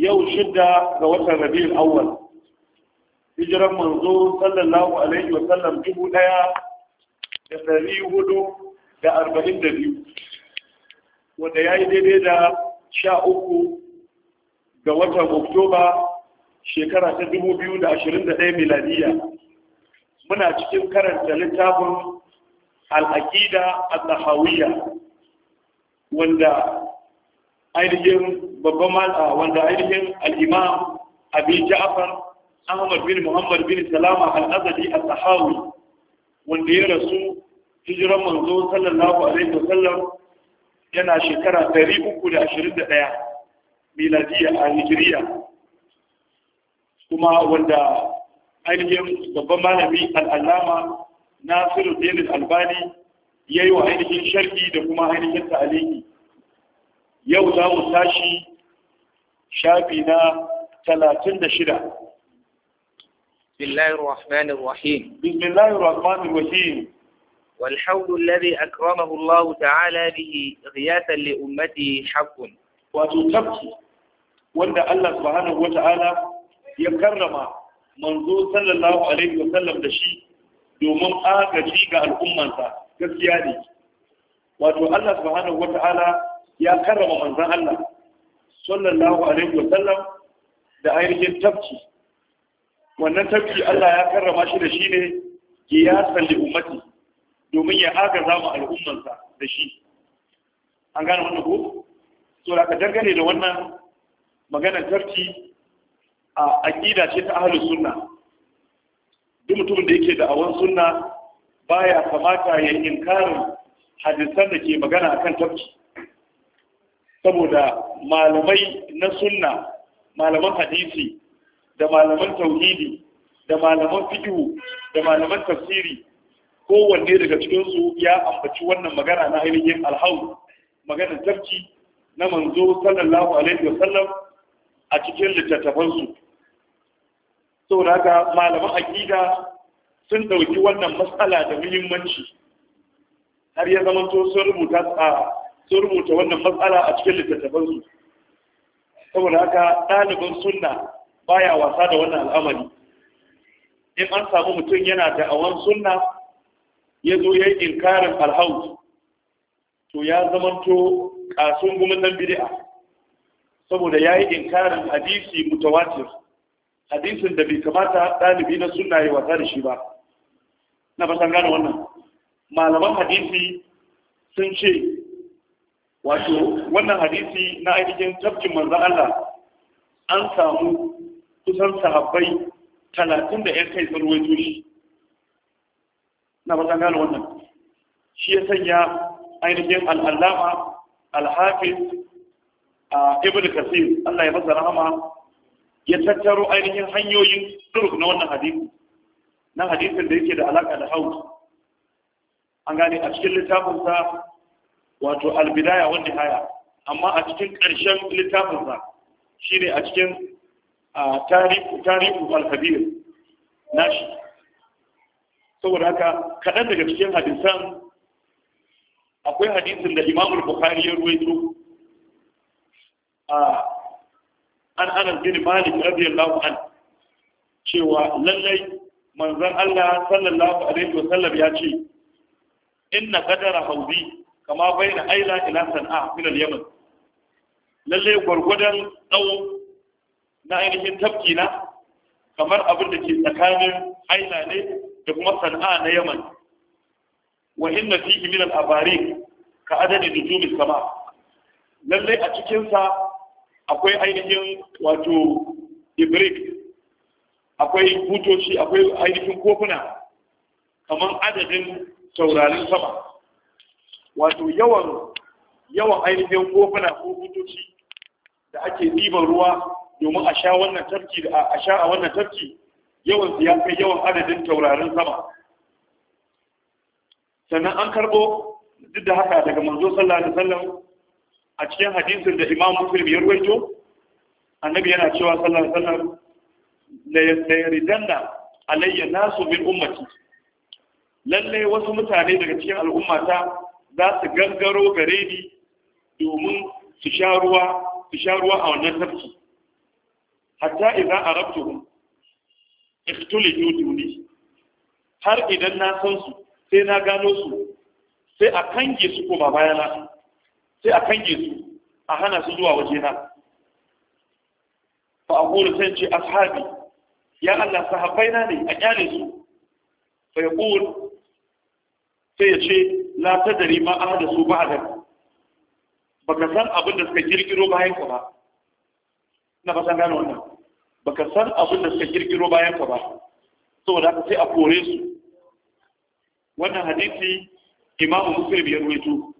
yau shidda ga watan rabi'ul awwal hijiran manzo sallallahu alaihi wa sallam dubu daya da dari hudu da arba'in da biyu wanda ya yi daidai da sha uku ga watan oktoba shekara ta dubu biyu da ashirin da ɗaya miladiya muna cikin karanta littafin al'aƙida a tahawiyya wanda ainihin babban ah, wanda ainihin al'imam abi Jafar ahmad bin muhammad bin salama al-azadi al-sahawi wanda ya rasu hijiran manzo sallallahu alaihi wasallam yana shekara 321 miladiya a hijiriya kuma wanda ainihin babban malami al'allama nasiru denis albani ya yi wa ainihin sharki da kuma ainihin ta'aliki yau za mu tashi shafi na talatin da shida bismillahir rahmanir rahim bismillahir rahmanir rahim والحول الذي أكرمه الله تعالى به غياثا لأمته حق وتتبكي وأن الله سبحانه وتعالى يكرم منذ صلى الله عليه وسلم دشي domin agaji ga al'ummansa gaskiya ne wato Allah subhanahu ya karrama manzan Allah sallallahu alaihi wa sallam da ainihin tafki wannan tafki Allah ya karrama shi da shi ne ya salli ummati domin ya agaza mu al'ummansa da shi an gane wannan ko to da ka dangane da wannan maganar tafki a aqida ce ta ahlus sunna duk mutumin da yake da awan sunna baya kamata ya inkarin hadisan da ke magana akan tafki saboda malamai na sunna malaman hadisi da malaman tauhidi da malaman fiqhu da malaman tafsiri kowanne daga cikinsu ya ambaci wannan magana na ainihin alhau maganar tafki na manzo sallallahu alaihi wasallam a cikin littattafansu saboda haka malaman aqida sun ɗauki wannan matsala da muhimmanci har ya zama sun rubuta a sun rubuta wannan matsala a cikin littattafansu saboda haka ɗaliban sunna baya wasa da wannan al'amari in an samu mutum yana da awon sunna ya zo ya yi inkarin alhaus to ya zamanto ƙasun gumin bid'a saboda ya yi inkarin hadisi mutawatir hadisin da bai kamata ɗalibi na sunna ya wasa da shi ba na fasan gane wannan malaman hadisi sun ce wato wannan hadisi na ainihin tafkin manzan Allah an samu kusan sahabbai talatin da 'yan kai sun ruwaito shi na ba gano wannan shi ya sanya ainihin al'allama alhafiz a ibn kasir Allah ya masa rahama ya tattaro ainihin hanyoyin turuk na wannan hadisi na hadisin da yake da alaƙa da haus an gane a cikin littafinsa wato albidaya wanda haya, amma a cikin ƙarshen littafinsa shine a cikin tarihu al nashi saboda haka kaɗan daga cikin hadisan akwai hadisin da imamul bukhari ya ruwaito an anas bin malik radiyallahu an cewa lallai manzon Allah sallallahu alaihi wasallam ya ce inna qadara hawdi kama na aila ila san'a min yaman lalle gwargwadon tsawo na ainihin tafki na kamar abin da ke tsakanin aila ne da kuma sana'a na yaman wa inna fihi min al-abari ka adadi nujumi sama lalle a cikinsa sa akwai ainihin wato ibrik akwai butoci akwai ainihin kofuna kamar adadin taurarin sama wato yawan yawan ainihin kofuna ko butoci da ake ɗiban ruwa domin a sha wannan tafki da a sha a wannan tafki yawan su ya kai yawan adadin taurarin sama sannan an karɓo duk da haka daga manzo sallallahu alaihi wasallam a cikin hadisin da imam muslim ya ruwaito annabi yana cewa sallallahu alaihi wasallam la yasayridanna alayya nasu min ummati lalle wasu mutane daga cikin al'ummata za su gangaro gare ni domin su sha ruwa su sha ruwa a wannan tafki hatta idan arabtuhum iktuli duni har idan na san su sai na gano su sai a kange su koma bayana sai a kange su a hana su zuwa wajena fa aqulu sai ce ashabi ya Allah sahabbaina ne a kyale su fa yaqul sai ya ce la dari ma ahdathu Ba baka san abin da suka kirkiro bayan ka ba na ba san gano wannan baka san abin da suka kirkiro bayan ka ba saboda haka sai a kore su wannan hadisi imamu muslim ya ruwaito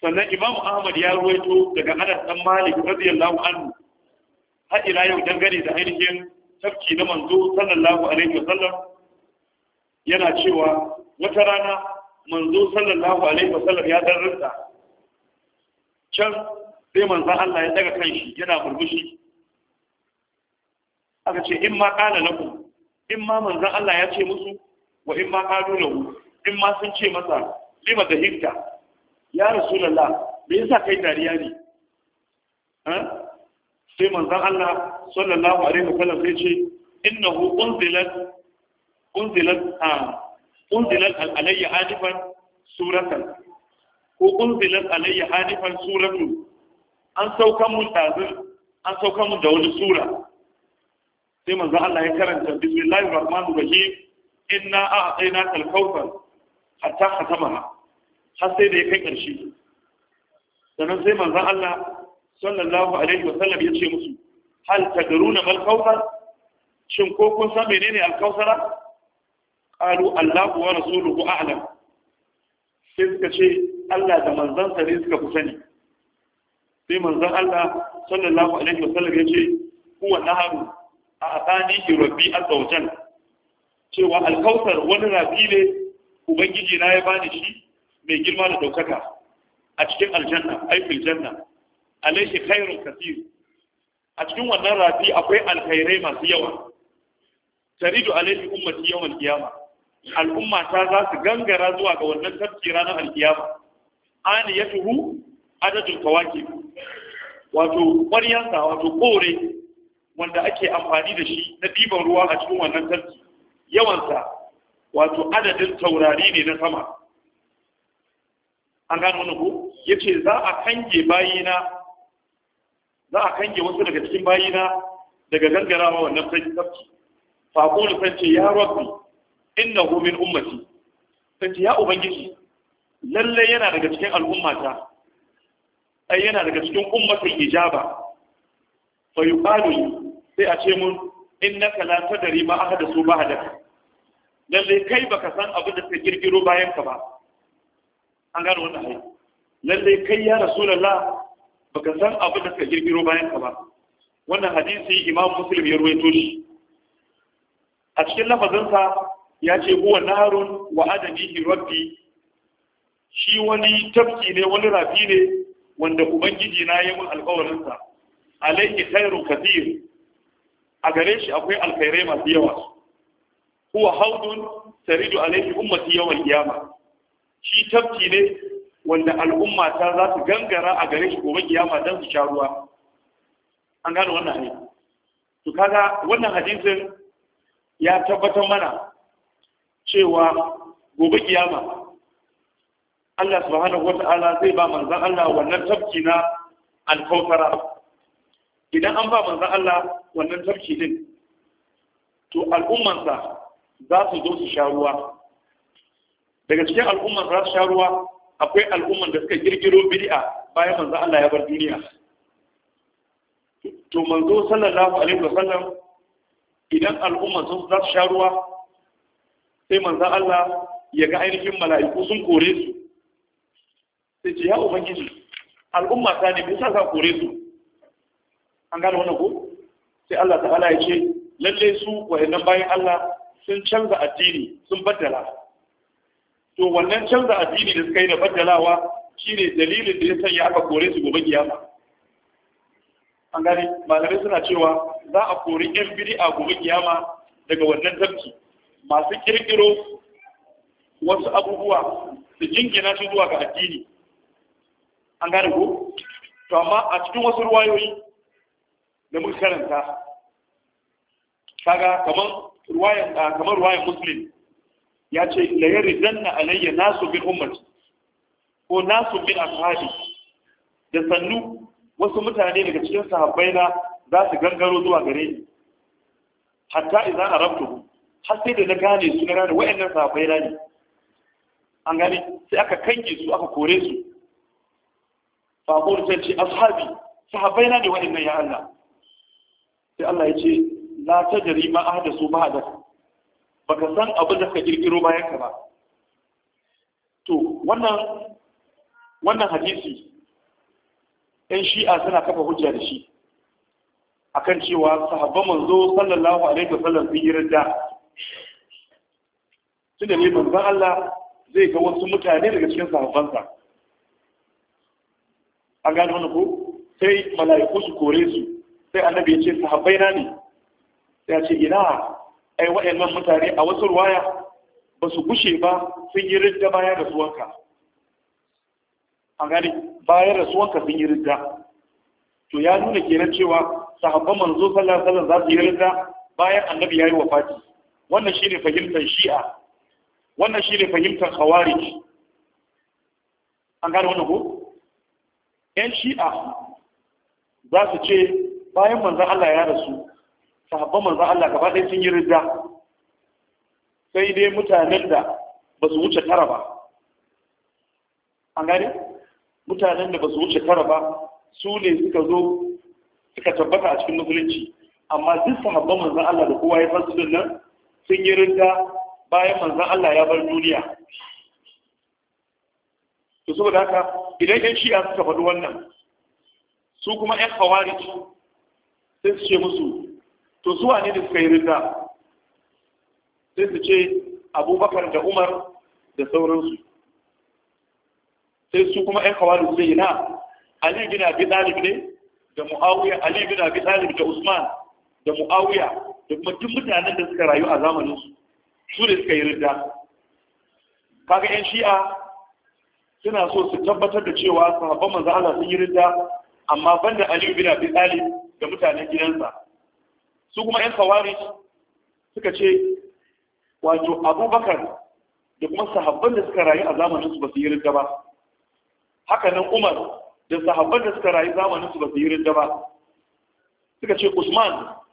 sannan imamu ahmad ya ruwaito daga anas dan malik radiyallahu anhu har ila yau dangane da ainihin tafki na manzo sallallahu alaihi wasallam yana cewa wata rana manzo sallallahu alaihi wasallam ya dan can sai manzo Allah ya daga kanshi yana burbushi aka ce in ma qala lakum in ma manzo Allah ya ce musu wa in ma qalu lahu in ma sun ce masa lima da hikka ya rasulullah me yasa kai dariya ne sai manzo Allah sallallahu alaihi wasallam ya ce innahu unzilat unzilat a ah, unzilat alayya hadifan suratan ko unzilat alayya hadifan suratu an saukan mun dazin an saukan mun da wani sura sai manzo Allah ya karanta bismillahir rahmanir rahim inna a'tainaka al-kawthar hatta khatamaha har sai da ya kai ƙarshe sannan sai manzan Allah sallallahu alaihi wasallam ya ce musu hal tadaruna mal kawthar shin ko kun san menene al kawthara qalu Allahu wa rasuluhu a'lam sai suka ce Allah da manzansa ne suka fi sani sai manzan Allah sallallahu alaihi wa sallam ya ce huwa naharu a atani rabbi azza cewa alkautar wani rafi ne ubangiji na ya bani shi mai girma da daukaka a cikin aljanna aifil janna alaihi khairun kathir a cikin wannan rafi akwai alkhairai masu yawa taridu alaihi ummati yawan qiyamah al'umma ta za su gangara zuwa ga wannan tafki ranar alkiyama ani ya tuhu adadin kawaki wato ƙwaryansa wato kore wanda ake amfani da shi na ɗiban ruwa a cikin wannan tafki yawansa wato adadin taurari ne na sama an gano wani ku? ya ce za a kange bayina za a kange wasu daga cikin bayina daga gangarawa wannan tafki faƙo da ce ya rabbi innahu min ummati sai ya ubangiji lalle yana daga cikin al'ummata ai yana daga cikin ummatul ijaba fa yuqalu sai a ce mun innaka la tadri ma ahdathu ba'dak lalle kai baka san abin da suka kirkiro bayan ka ba an gano wannan hayi lalle kai ya rasulullah baka san abin da suka kirkiro bayan ka ba wannan hadisi imam muslim ya ruwaito shi a cikin lafazinsa ya ce huwa naharun wa adanihi rabbi shi wani tafki ne wani rafi ne wanda ubangiji na yi min alƙawarinsa alayhi khairu kathir a gare shi akwai alkhairai masu yawa huwa haudun taridu alayhi ummati yawal qiyama shi tafki ne wanda al'umma ta za su gangara a gare shi gobe kiyama dan su sha ruwa an gano wannan hadisi to kaga wannan hadisin ya tabbatar mana cewa gobe kiyama Allah subhanahu wata'ala zai ba manzan Allah wannan tafki na alkautara idan an ba manzan Allah wannan tafki din to al'ummansa za su zo su sha ruwa daga cikin al'ummar za su sha ruwa akwai al'ummar da suka girgiro bid'a bayan manzan Allah ya bar duniya to manzo sallallahu alaihi wasallam idan al'umman sun za su sha ruwa sai manzan Allah ya ga ainihin mala'iku sun kore su sai ce ya gini al'umma ta ne bisa za kore su an gane wannan ko sai Allah ta'ala ya ce lalle su wa'annan bayan Allah sun canza addini sun baddala to wannan canza addini da suka yi da baddalawa shine dalilin da ya sanya aka kore su gobe giyama. an gane malamai suna cewa za a kori yan a gobe giyama daga wannan tafki masu kirkiro wasu abubuwa su jingina su zuwa ga addini an gane ko to amma a cikin wasu ruwayoyi da muka karanta kaga kamar ruwayan ah, kamar ruwayan muslim ya ce la danna alayya nasu bin ummati ko nasu bin ashabi da sannu wasu mutane daga cikin sahabbai na za su gangaro zuwa gare ni hatta idan arabtu har sai da na gane su na gane wa'annan sahabbai na ne an gane sai aka kange su aka kore su faƙon sai ce ashabi sahabbai na ne wa'annan ya Allah sai Allah ya ce la ta jari ma ahda su ba hada baka san abin da ka kirkiro bayan ka ba to wannan wannan hadisi ɗan shi'a suna kafa hujja da shi akan cewa sahabban manzo sallallahu alaihi wasallam sun yi ridda tunda ne manzan Allah zai ga wasu mutane daga cikin sahabbansa an gane wani ko sai mala'iku su kore su sai annabi ya ce sahabbai na ne sai ya ce ina ai wa'annan mutane a wasu ruwaya ba su gushe ba sun yi ridda bayan rasuwanka an gane bayan rasuwanka sun yi ridda to ya nuna kenan cewa sahabban manzo sallallahu alaihi wasallam za su yi ridda bayan annabi yi wafati wannan shi ne fahimtar shi'a wannan shi ne fahimtar khawarij an gane wannan ko yan shi'a za su ce bayan manzan Allah ya rasu sahabban manzan Allah gaba ɗaya sun yi ridda sai dai mutanen da ba su wuce tara ba an gane mutanen da ba su wuce tara ba su ne suka zo suka tabbata a cikin musulunci amma duk sahabban manzan Allah da kowa ya fasu nan sun yi rinda bayan manzan Allah ya bar duniya to saboda haka idan yan shi'a suka faɗi wannan su kuma yan khawarij sai su ce musu to zuwa ne da suka yi rinda sai su ce abubakar da umar da sauransu sai su kuma yan zai yi na ali bin abi ɗalib ne da muawiya ali bin abi ɗalib da usman da muawiya da kuma mutanen da suka rayu a zamanin su su suka yi ridda kaga yan shi'a suna so su tabbatar da cewa sahabban manzo Allah sun yi ridda amma banda Ali bin Abi Talib da mutanen gidansa su kuma yan khawarij suka ce wato Abubakar da kuma sahabban da suka rayu a zamanin su ba su yi ridda ba haka nan Umar da sahabban da suka rayu zamanin su ba su yi ridda ba suka ce Usman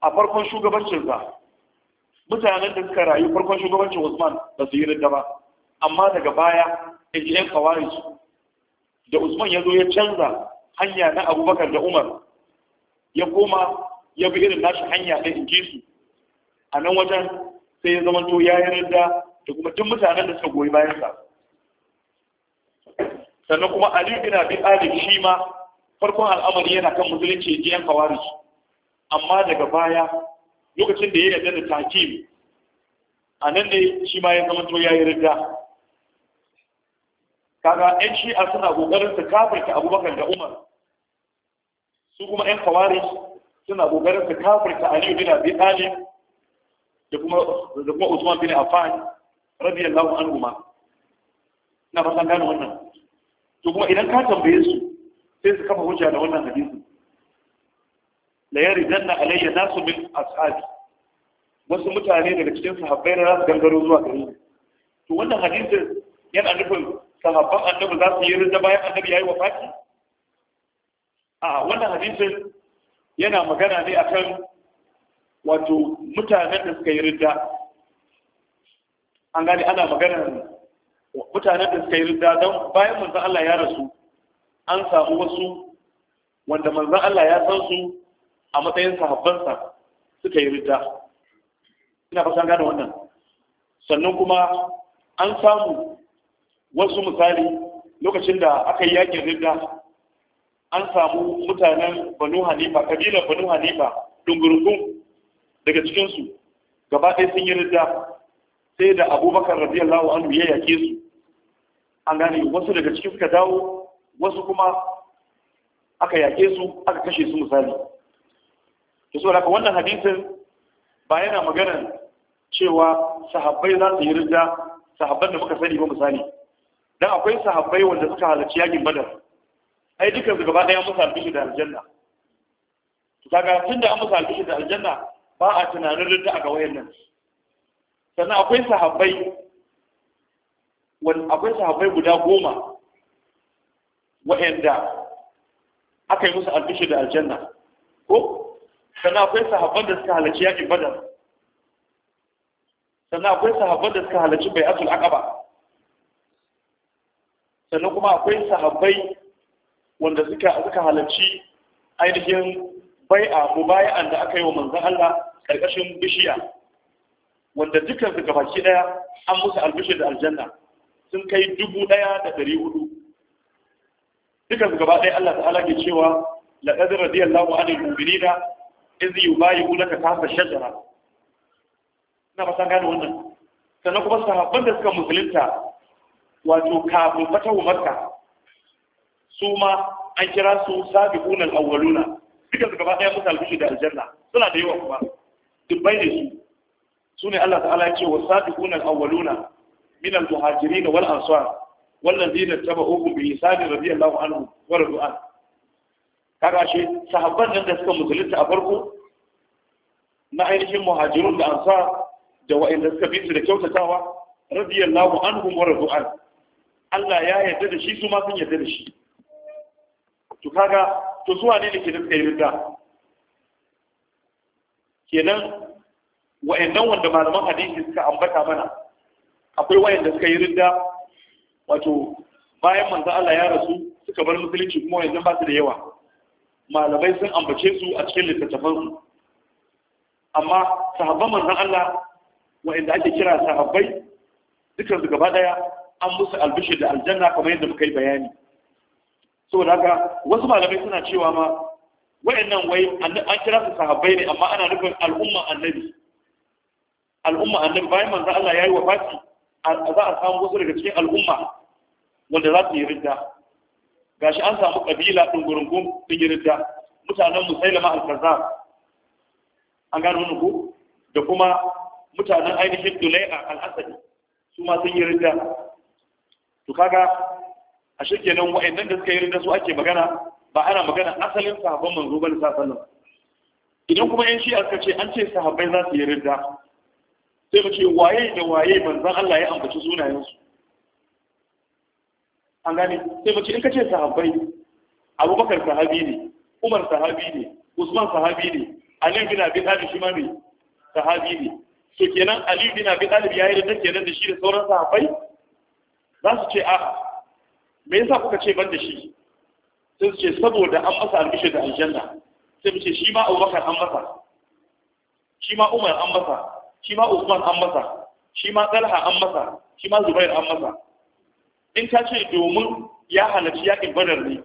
a farkon shugabancinsa mutanen da suka rayu farkon shugabancin usman ba su yi ridda ba amma daga baya in yan kawai da usman ya zo ya canza hanya na abubakar da umar ya koma ya bi irin nashi hanya ɗin in ji su a nan wajen sai ya zama to ya yi ridda da kuma duk mutanen da suka goyi bayansa sannan kuma ali bin abi talib shi ma farkon al'amari yana kan musulunci yan kawai amma daga baya lokacin da ya yarda da takim a nan ne shi ma ya zama to ya yi rida kaga yan shi'a suna ƙoƙarin su kafirta abubakar da umar su kuma yan kawari suna ƙoƙarin su kafirta aliyu bin abi talib da kuma da kuma usman bin affan radiyallahu anhu ma na fasan gane wannan to kuma idan ka tambaye su sai su kafa hujja da wannan hadisi la zanna alayya nasu min ashabi wasu mutane daga cikin sahabbai na zasu gangaro zuwa gare ni to wannan hadisin yana nufin sahabban annabi za su yi rinda bayan annabi yayi wafati a wannan hadisin yana magana ne akan wato mutanen da suka yi rinda an gane ana magana mutanen da suka yi rinda don bayan manzon Allah ya rasu an samu wasu wanda manzan Allah ya san su a matsayin sahabbansa suka yi ridda ina fasan gane wannan sannan kuma an samu wasu misali lokacin da aka yi yakin ridda an samu mutanen banu hanifa kabilar banu hanifa dungurkun daga cikinsu gaba ɗaya sun yi ridda sai da abubakar radiyallahu anhu ya yake su an gane wasu daga cikin suka dawo wasu kuma aka yake su aka kashe su misali Ki so haka wannan hadisin ba yana maganar cewa sahabbai za su yi rija, sahabban da muka sani ba misali dan akwai sahabbai wanda suka halarci yakin badar ai dukkan su gaba daya musu albishi da aljanna to kaga tunda an musu albishi da aljanna ba a tunanin rinda a ga wayannan sannan akwai sahabbai akwai sahabbai guda goma wa'anda aka yi musu albishi da aljanna ko sannan akwai sahabban da suka halarci yakin badar sannan akwai sahabban da suka halarci bai asul aqaba sannan kuma akwai sahabbai wanda suka suka halarci ainihin bai'a mubayi'an da aka yi wa manzon Allah karkashin bishiya wanda dukkan su gabaki daya an musu albishir da aljanna sun kai dubu daya da dari hudu dukkan su gaba daya Allah ta'ala ke cewa laqad radiyallahu anil mu'minina izi ku laka tahta shajara ina ba san gane wannan sannan kuma sahabban da suka musulunta wato kafin fatahu umarka su ma an kira su sabiquna kunan awwaluna duka su gaba daya musu albishi da aljanna suna da yawa kuma dubbai ne su su ne Allah ta'ala ya ce wa sabiquna al-awwaluna min al-muhajirin wal ansar ladina اتبعوهم bi رضي radiyallahu عنهم wa عنه kaga shi sahabban nan da suka musulunta a farko na ainihin muhajirun da ansa da wa'inda suka bi su da kyautatawa radiyallahu anhum wa radu'an Allah ya yarda da shi su ma sun yarda da shi to kaga to wane ne ke da suka yi ridda kenan wa'annan wanda malaman hadisi suka ambata mana akwai wa'anda suka yi ridda wato bayan manzo Allah ya rasu suka bar musulunci kuma yanzu ba su da yawa malamai sun ambace su a cikin littattafansu amma sahabban manzon Allah wa'inda ake kira sahabbai dukkan su gaba daya an musu albishi da aljanna kamar yadda muka yi bayani saboda haka wasu malamai suna cewa ma wa'annan wai an kira su sahabbai ne amma ana nufin al'umma annabi al'umma annabi bayan manzo Allah yayi wafati za a samu wasu daga cikin al'umma wanda za su yi ridda gashi an samu kabila din sun yi ridda mutanen musailama al-kazzab an gano wani ku. da kuma mutanen ainihin dulaiha al-asadi su ma sun yi ridda to kaga a nan wa'annan da suka yi ridda su ake magana ba ana magana asalin sahabban manzo bane sallallahu sallam idan kuma yan shi'a suka ce an ce sahabbai za su yi ridda sai mu ce waye da waye manzon Allah ya ambaci sunayensu an gane sai mace in ka ce sahabbai abubakar sahabi ne umar sahabi ne usman sahabi ne ali bin abi talib shi ma ne sahabi ne to kenan ali bin abi talib yayi da kenan da shi da sauran sahabbai za su ce a'a me yasa kuka ce ban da shi sai su ce saboda an masa albishir da aljanna sai mu ce shi ma abubakar an masa shi ma umar an masa shi ma usman an masa shi ma talha an masa shi ma zubair an masa in ta ce domin ya halarci yaƙin badar ne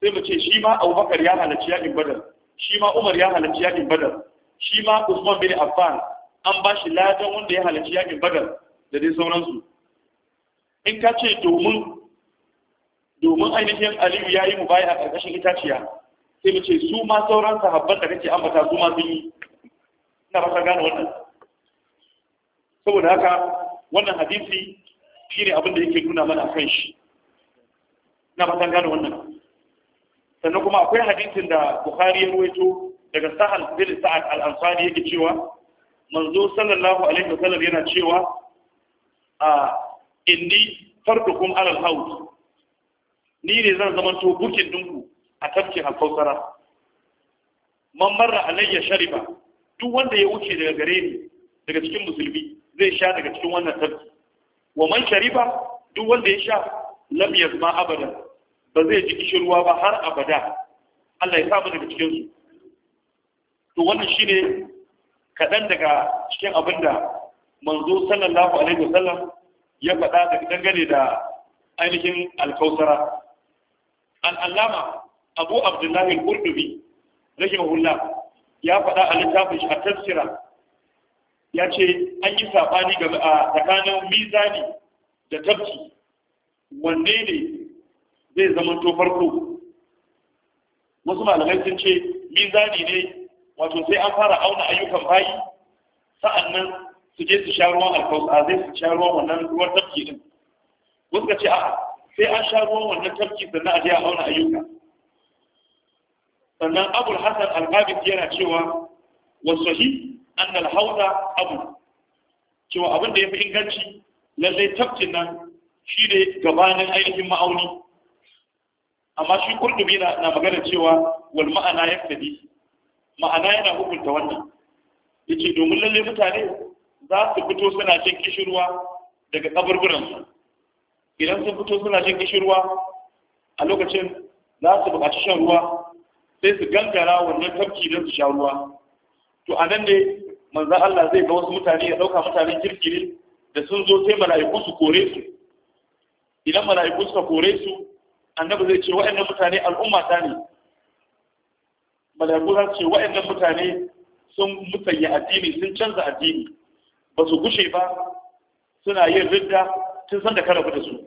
sai mu ce shi ma abubakar ya halarci yaƙin badar shi ma umar ya halarci yaƙin badar shi ma usman bin affan an ba shi ladan wanda ya halarci yaƙin badar da dai sauransu in ta ce domin domin ainihin aliyu ya yi mu baya a ƙarƙashin itaciya sai mu ce su ma sauran sahabban da kake ambata su ma sun yi ina ba ta gane wannan saboda haka wannan hadisi shi abin da yake nuna mana kan shi na matan gane wannan sannan kuma akwai hadisin da Bukhari ya ruwaito daga Sahal bin Sa'ad al-Ansari yake cewa manzo sallallahu alaihi wasallam yana cewa a inni fardukum ala al-hawd ni ne zan zamanto bukin dinku a tafkin al-Kausara man marra alayya shariba duk wanda ya wuce daga gare ni daga cikin musulmi zai sha daga cikin wannan tafki wa man shariba duk wanda ya sha lam yazma abada ba zai ji kishirwa ba har abada Allah ya samu daga cikin su to wannan shine kaɗan daga cikin abinda manzo sallallahu alaihi wasallam ya faɗa da dangane da ainihin alkausara Al'alama abu abdullahi al-qurtubi rahimahullah ya faɗa a littafin shi a tafsira ya ce an yi saɓani game a tsakanin mizani da tabki wanne ne zai zama to farko wasu malamai sun ce mizani ne wato sai an fara auna ayyukan bayi sa'annan su je su sha ruwan alkausa zai su sha ruwan wannan ruwan tafki din wasu ka ce a sai an sha ruwan wannan tafki sannan a je a auna ayyuka sannan abul hasan al yana cewa wasu sahi annal hauda abu cewa abin da ya fi inganci lallai tafkin nan shi ne gabanin ainihin ma'auni amma shi kurdubi na magana cewa wal ma'ana ya fadi ma'ana yana hukunta wannan yace domin lallai mutane za su fito suna cin kishirwa daga kaburburansu idan sun fito suna cin kishirwa a lokacin za su buƙaci shan ruwa sai su gangara wannan tafki don su sha ruwa to a nan ne manzan Allah zai ga wasu mutane ya ɗauka mutanen kirki ne da sun zo sai mala'iku su kore su idan mala'iku suka kore su annabi zai ce wa'annan mutane al'umma ta ne mala'iku za su ce wa'annan mutane sun musayya addini sun canza addini ba su gushe ba suna yin ridda sun san da ka da su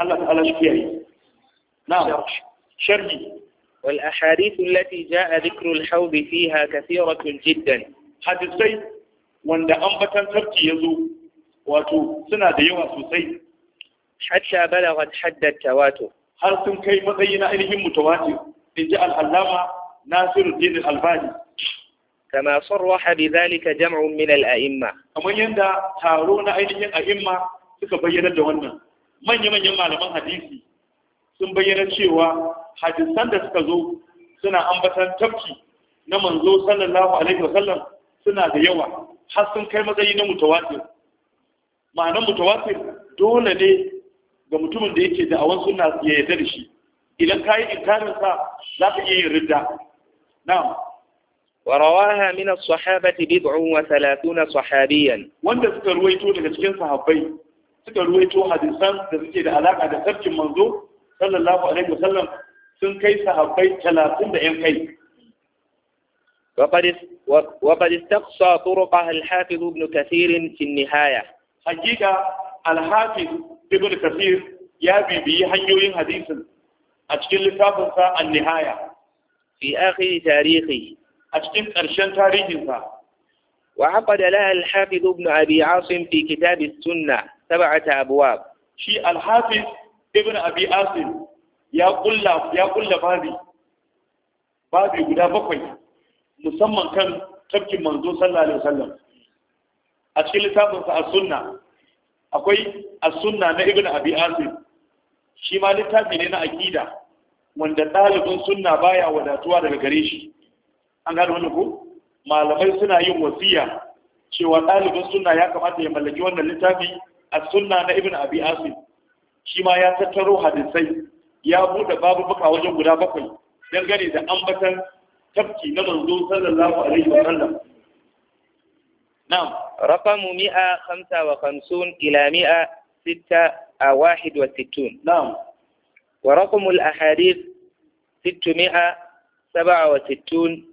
Allah ta'ala shi kiyaye na'am sharhi wal ahadith allati jaa dhikru al-hawd fiha kathiratun jiddan hadisai wanda ambatan tafki ya zo wato suna da yawa sosai hatta balagat haddat tawatur har sun kai matsayi na ainihin mutawatir inji al-allama Nasiruddin al-Albani kama sarraha bidhalika jam'un min al-a'imma kamar yanda taro na ainihin a'imma suka bayyana da wannan manya-manyan malaman hadisi sun bayyana cewa hadisan da suka zo suna ambatan tafki na manzo sallallahu alaihi wa sallam. suna da yawa har sun kai matsayi na mutawatir ma'anar mutawatir dole ne ga mutumin da yake da awon suna ya yarda da shi idan ka yi inkarinsa za ka iya yin ridda na'am ورواه من الصحابة بضع وثلاثون صحابيا wanda suka ruwaito daga cikin sahabbai suka ruwaito hadisan da suke da alaka da sarkin manzo sallallahu alaihi wasallam sun kai sahabbai talatin da yan kai وقد وقد استقصى طرقها الحافظ ابن كثير في النهاية حقيقة الحافظ ابن كثير يا بيبي هنيوين حديث أشكل لتابنسا النهاية في آخر تاريخه أشكل أرشان تاريخه وعقد لها الحافظ ابن أبي عاصم في كتاب السنة سبعة أبواب شي الحافظ ابن أبي عاصم يا قل يا قل بابي بابي قد بقي musamman kan tafkin manzo sallallahu alaihi wasallam a cikin littafinsa a sunna akwai a sunna na ibn abi asim shi ma littafi ne na akida wanda ɗalibin sunna baya wadatuwa daga gare shi an gano wannan ko malamai suna yin wasiya cewa ɗalibin sunna ya kamata ya mallaki wannan littafi a sunna na ibn abi asim shi ma ya tattaro hadisai ya buɗe babu buka wajen guda bakwai dangane da ambatan تبكي نظر الله صلى الله عليه وسلم نعم رقم 155 إلى 161 نعم ورقم الأحاديث 667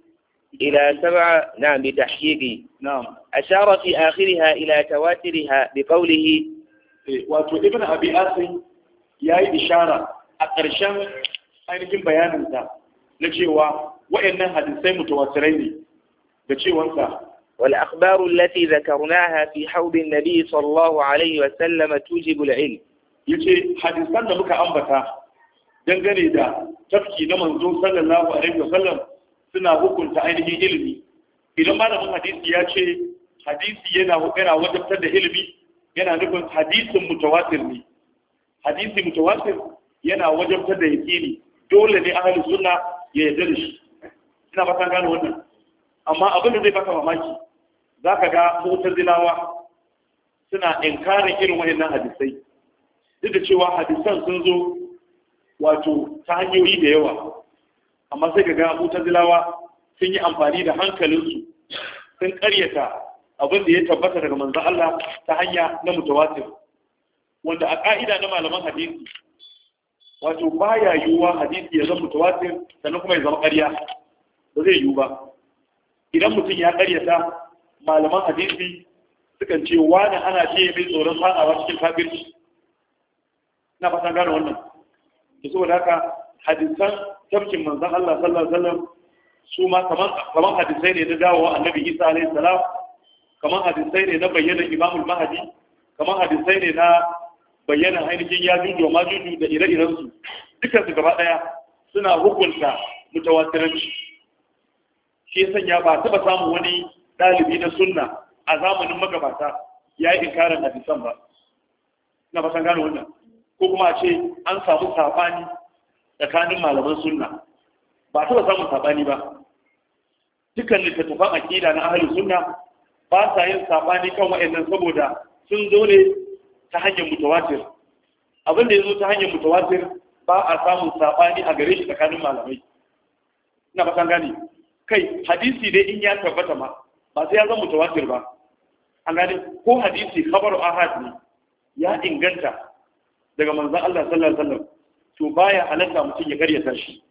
إلى 7 نعم بتحقيقي نعم أشار في آخرها إلى تواترها بقوله إيه، واتو ابن أبي آخر يأي إشارة أقرشان أين جنب بيان الله na cewa wayannan hadisai mutawatirai ne da cewansa والأخبار التي ذكرناها في حوض النبي صلى الله عليه وسلم توجب العلم yace hadisan da muka ambata dangane da tafki na manzo sallallahu alaihi wasallam suna hukunta ainihin ilimi idan malamin hadisi ya ce hadisi yana wajabtar da ilimi yana nufin hadisin mutawatir ne hadisi mutawatir yana wajabtar da yaqini dole ne ahlus sunna ya yarda da shi ina fatan gane wannan amma abin da zai baka mamaki za ka ga zinawa suna kare irin wayannan hadisai duk da cewa hadisan sun zo wato ta hanyoyi da yawa amma sai ka ga zinawa sun yi amfani da hankalinsu sun karyata abin da ya tabbata daga manzo Allah ta hanya na mutawatir wanda a ƙa'ida na malaman hadisi wato baya yiwuwa hadisi ya zama mutawatir sannan kuma ya zama ƙarya ba zai yiwu ba idan mutum ya ƙaryata malaman hadisi sukan ce wani ana ce mai tsoron fadawa cikin kafirci na fatan gane wannan da saboda haka hadisan tafkin manzan Allah sallallahu alaihi wasallam su ma Kamar hadisai ne na dawowa annabi Isa alaihi salam kaman hadisai ne na bayyana Imamul mahdi kaman hadisai ne na bayyana ainihin ya juju ma juju da ire-irensu dukansu gaba ɗaya suna hukunta mutawatiranci shi ya sanya ba taɓa samun wani ɗalibi na sunna a zamanin magabata ya yi inkarin hadisan ba na basan gano gane wannan ko kuma a ce an samu saɓani tsakanin malaman sunna ba taɓa samun saɓani ba dukkan littattafan aƙida na ahalin sunna ba sa yin saɓani kan wa'annan saboda sun zo ne ta hanyar mutawatir abin da ya zo ta hanyar mutawatir ba a samun saɓani a gare shi tsakanin malamai ina ba gane kai hadisi dai in ya tabbata ma ba sai ya zama mutawatir ba an gane ko hadisi khabaru ahad ne ya inganta daga manzon Allah sallallahu alaihi wasallam to baya halatta mutum ya karyata shi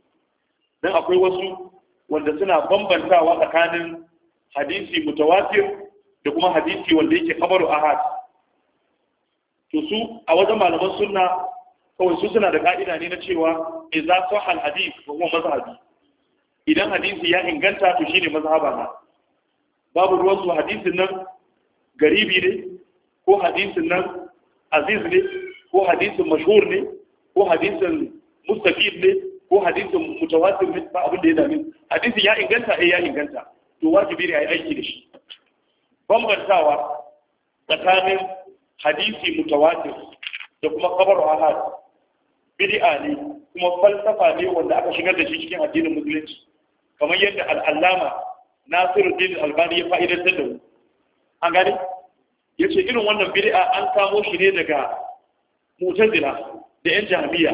dan akwai wasu wanda suna bambantawa tsakanin hadisi mutawatir da kuma hadisi wanda yake khabaru ahad to su a wajen malaman sunna kawai su suna da ka'ida ne na cewa idza sahal hadith ko kuma mazhabi idan hadisi ya inganta to shine mazhaba na babu ruwan su hadisin nan garibi ne ko hadisin nan aziz ne ko hadisin mashhur ne ko hadisin mustaqim ne ko hadisin mutawatir ne ba abin da ya dame hadisin ya inganta eh ya inganta to wajibi ne a yi aiki da shi bambantawa tsakanin hadisi mutawatir da kuma kabar ahad bid'a ne kuma falsafa ne wanda aka shigar da shi cikin addinin musulunci kamar yadda al-allama nasiruddin albani ya fa'idantar da mu an gani, ya ce irin wannan bid'a an samo shi ne daga mutazila da yan jami'a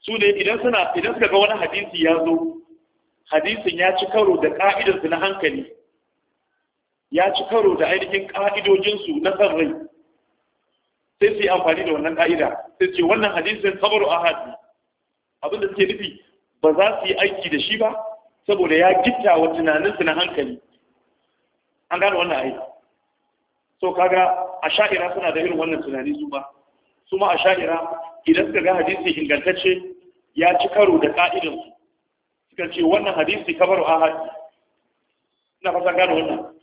su ne idan suna idan suka ga wani hadisi ya zo hadisin ya ci karo da ka'idarsu na hankali ya ci karo da ainihin ƙa'idojinsu na san rai sai su yi amfani da wannan ƙa'ida sai ce wannan hadisin sabaru ahad abinda suke nufi ba za su yi aiki da shi ba saboda ya gita wa tunaninsu na hankali an gane wannan aiki so kaga a sha'ira suna da irin wannan tunani su ba su ma a sha'ira idan suka ga hadisi ingantacce ya ci karo da ƙa'idansu suka ce wannan hadisi kabaru ahad ina fasa gane wannan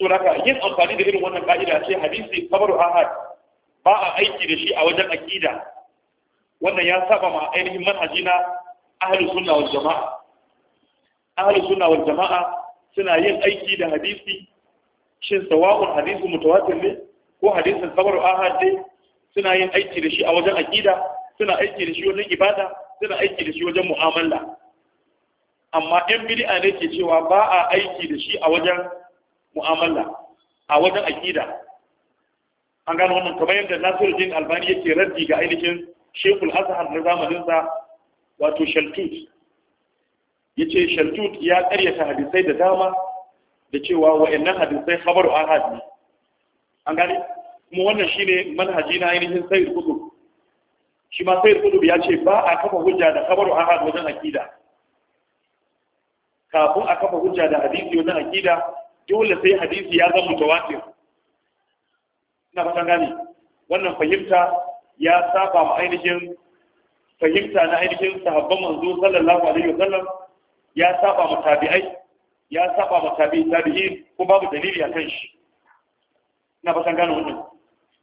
saboda yin amfani da irin wannan ka'ida sai hadisi kabaru ahad ba a aiki da shi a wajen aqida wannan ya saba ma ainihin manhaji na ahlus sunna wal jama'a ahlus sunna wal jama'a suna yin aiki da hadisi shin sawa'un hadisi mutawatir ne ko hadisin kabaru ahad ne suna yin aiki da shi a wajen aqida suna aiki da shi wajen ibada suna aiki da shi wajen mu'amala amma yan bid'a ne ke cewa ba a aiki da shi a wajen mu'amala a wajen akida an gano wannan kamar yadda nasiru jin albani yake raddi ga ainihin shekul azhar na zamaninsa wato shaltut ya ce shaltut ya karyata hadisai da dama da cewa wa'annan hadisai khabaru ahad ne an gane kuma wannan shine manhaji na ainihin sayyid kudu. shi ma sayyid kutub ya ce ba a kafa hujja da khabaru ahad wajen akida kafin a kafa hujja da hadisi wajen akida dole sai hadisi ya zama mutawatir ina fatan gani wannan fahimta ya saba ma ainihin fahimta na ainihin sahabban manzo sallallahu alaihi wasallam ya saba ma tabi'ai ya saba ma tabi'i tabi'i ko babu dalili a kan shi ina fatan gani wannan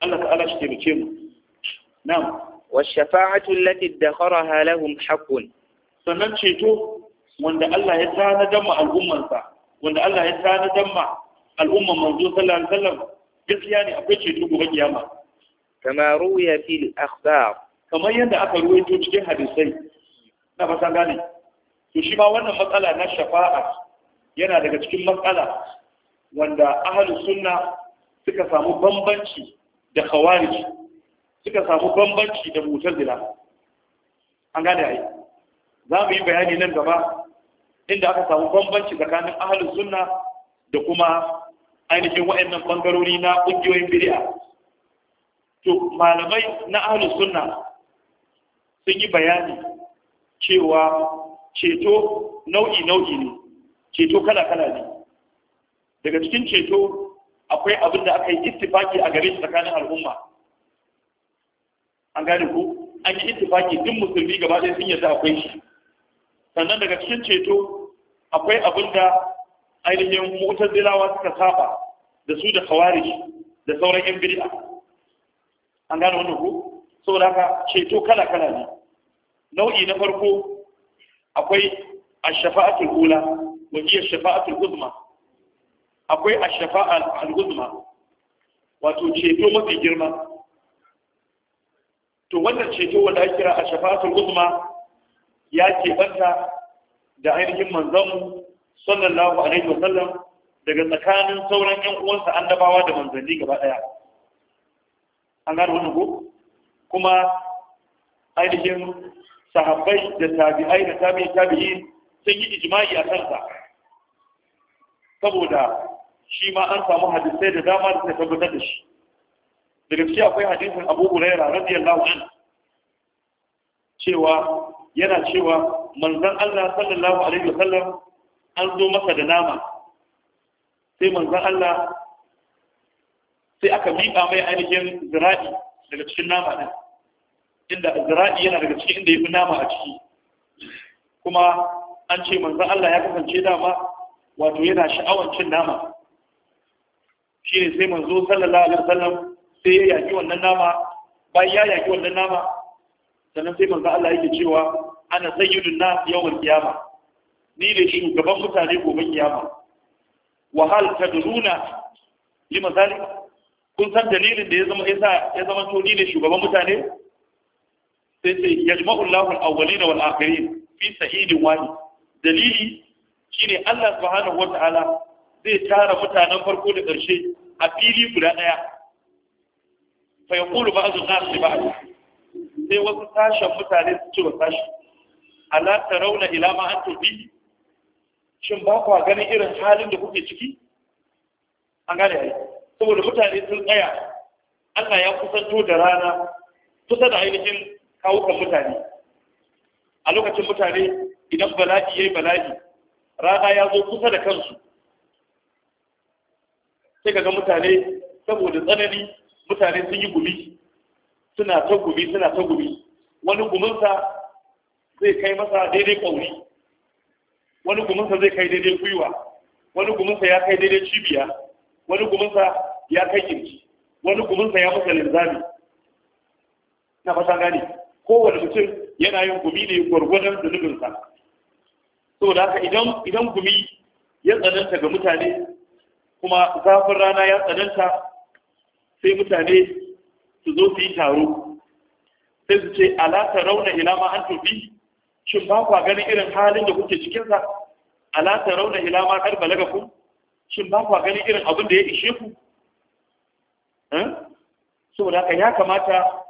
Allah ta'ala shi taimake mu na'am والشفاعة التي ادخرها لهم حق sannan ceto wanda Allah ya tanadar ma al'ummansa wanda Allah ya tanadar damma al'umman manzo sallallahu alaihi wasallam gaskiya ne akwai ceto gobe kiyama kama ruya fil akhbar kamar yadda aka ruwaito cikin hadisai na fasa gane to shi ma wannan matsala na shafa'a yana daga cikin matsala wanda ahlu sunna suka samu bambanci da khawarij suka samu bambanci da mu'tazila an gane ai za mu yi bayani nan gaba inda aka samu bambanci tsakanin ahalin sunna da kuma ainihin wa'annan bangarori na ƙungiyoyin bid'a to malamai na ahalin sunna sun yi bayani cewa ceto nau'i nau'i ne ceto kala kala ne daga cikin ceto akwai abin da aka yi ittifaki a gare tsakanin al'umma an gane ku an yi ittifaki duk musulmi gaba ɗaya sun yarda akwai shi sannan daga cikin ceto akwai abin da ainihin motar dilawa suka saba da su da kawari da sauran yan bid'a an gane wannan ku? saboda haka ceto kala kala ne nau'i na farko akwai ash-shafa'atul ula wani hiya shafa shafaatul uzma akwai a shafaa al wato ceto mafi girma to wannan ceto wanda ake kira a shafaatul uzma ya ce banta da ainihin manzanmu sallallahu alaihi wasallam daga tsakanin sauran yan uwansa annabawa da manzanni gaba daya an gano wannan ko kuma ainihin sahabbai da tabi'ai da tabi'i tabi'i sun yi ijma'i a kansa saboda shi ma an samu hadisai da dama da suka tabbatar da shi daga cikin akwai hadisin Abu Hurairah radiyallahu anhu cewa yana cewa manzon Allah sallallahu alaihi wasallam an zo masa da nama sai manzon Allah sai aka miƙa mai ainihin zira'i daga cikin nama ɗin inda zira'i yana daga cikin inda ya fi nama a ciki kuma an ce manzon Allah ya kasance dama wato yana sha'awar cin nama shi ne sai manzo sallallahu alaihi wasallam sai ya yaki wannan nama bayan ya yaki wannan nama sannan sai manzo Allah yake cewa ana sayyidun nas yawmal qiyama ni ne shugaban mutane gobe kiyama wa hal tadruna lima zalik kun san dalilin da ya zama yasa ya zama to ni ne shugaban mutane sai sai yajma'u Allahu al-awwalina wal akhirin fi sa'idin wahid dalili shine Allah subhanahu wata'ala zai tara mutanen farko da ƙarshe a fili guda ɗaya fa yaqulu ba'dhu an-nas li ba'd sai wasu tashin mutane su ce wa tashi ala tarawna ila ma antum bi shin ba ku ganin irin halin da kuke ciki an gane ne saboda mutane sun tsaya Allah ya kusanto da rana kusa da ainihin kawukan mutane a lokacin mutane idan bala'i yayi bala'i rana ya zo kusa da kansu sai ga mutane saboda tsanani mutane sun yi gumi suna ta gumi suna ta gumi wani guminsa zai kai masa daidai kauri wani guminsa zai kai daidai gwiwa wani guminsa ya kai daidai cibiya wani guminsa ya kai kirji wani guminsa ya masa linzami na fata gane kowane mutum yana yin gumi ne gwargwadon zunubinsa saboda haka idan gumi ya tsananta ga mutane kuma zafin rana ya tsananta sai mutane su zo su yi taro sai su ce alata rauna ila ma an tufi shin ba kwa ganin irin halin da kuke cikinsa ala ta rauna ila ma kar balaga ku shin ba kwa ganin irin abin da ya ishe ku saboda haka ya kamata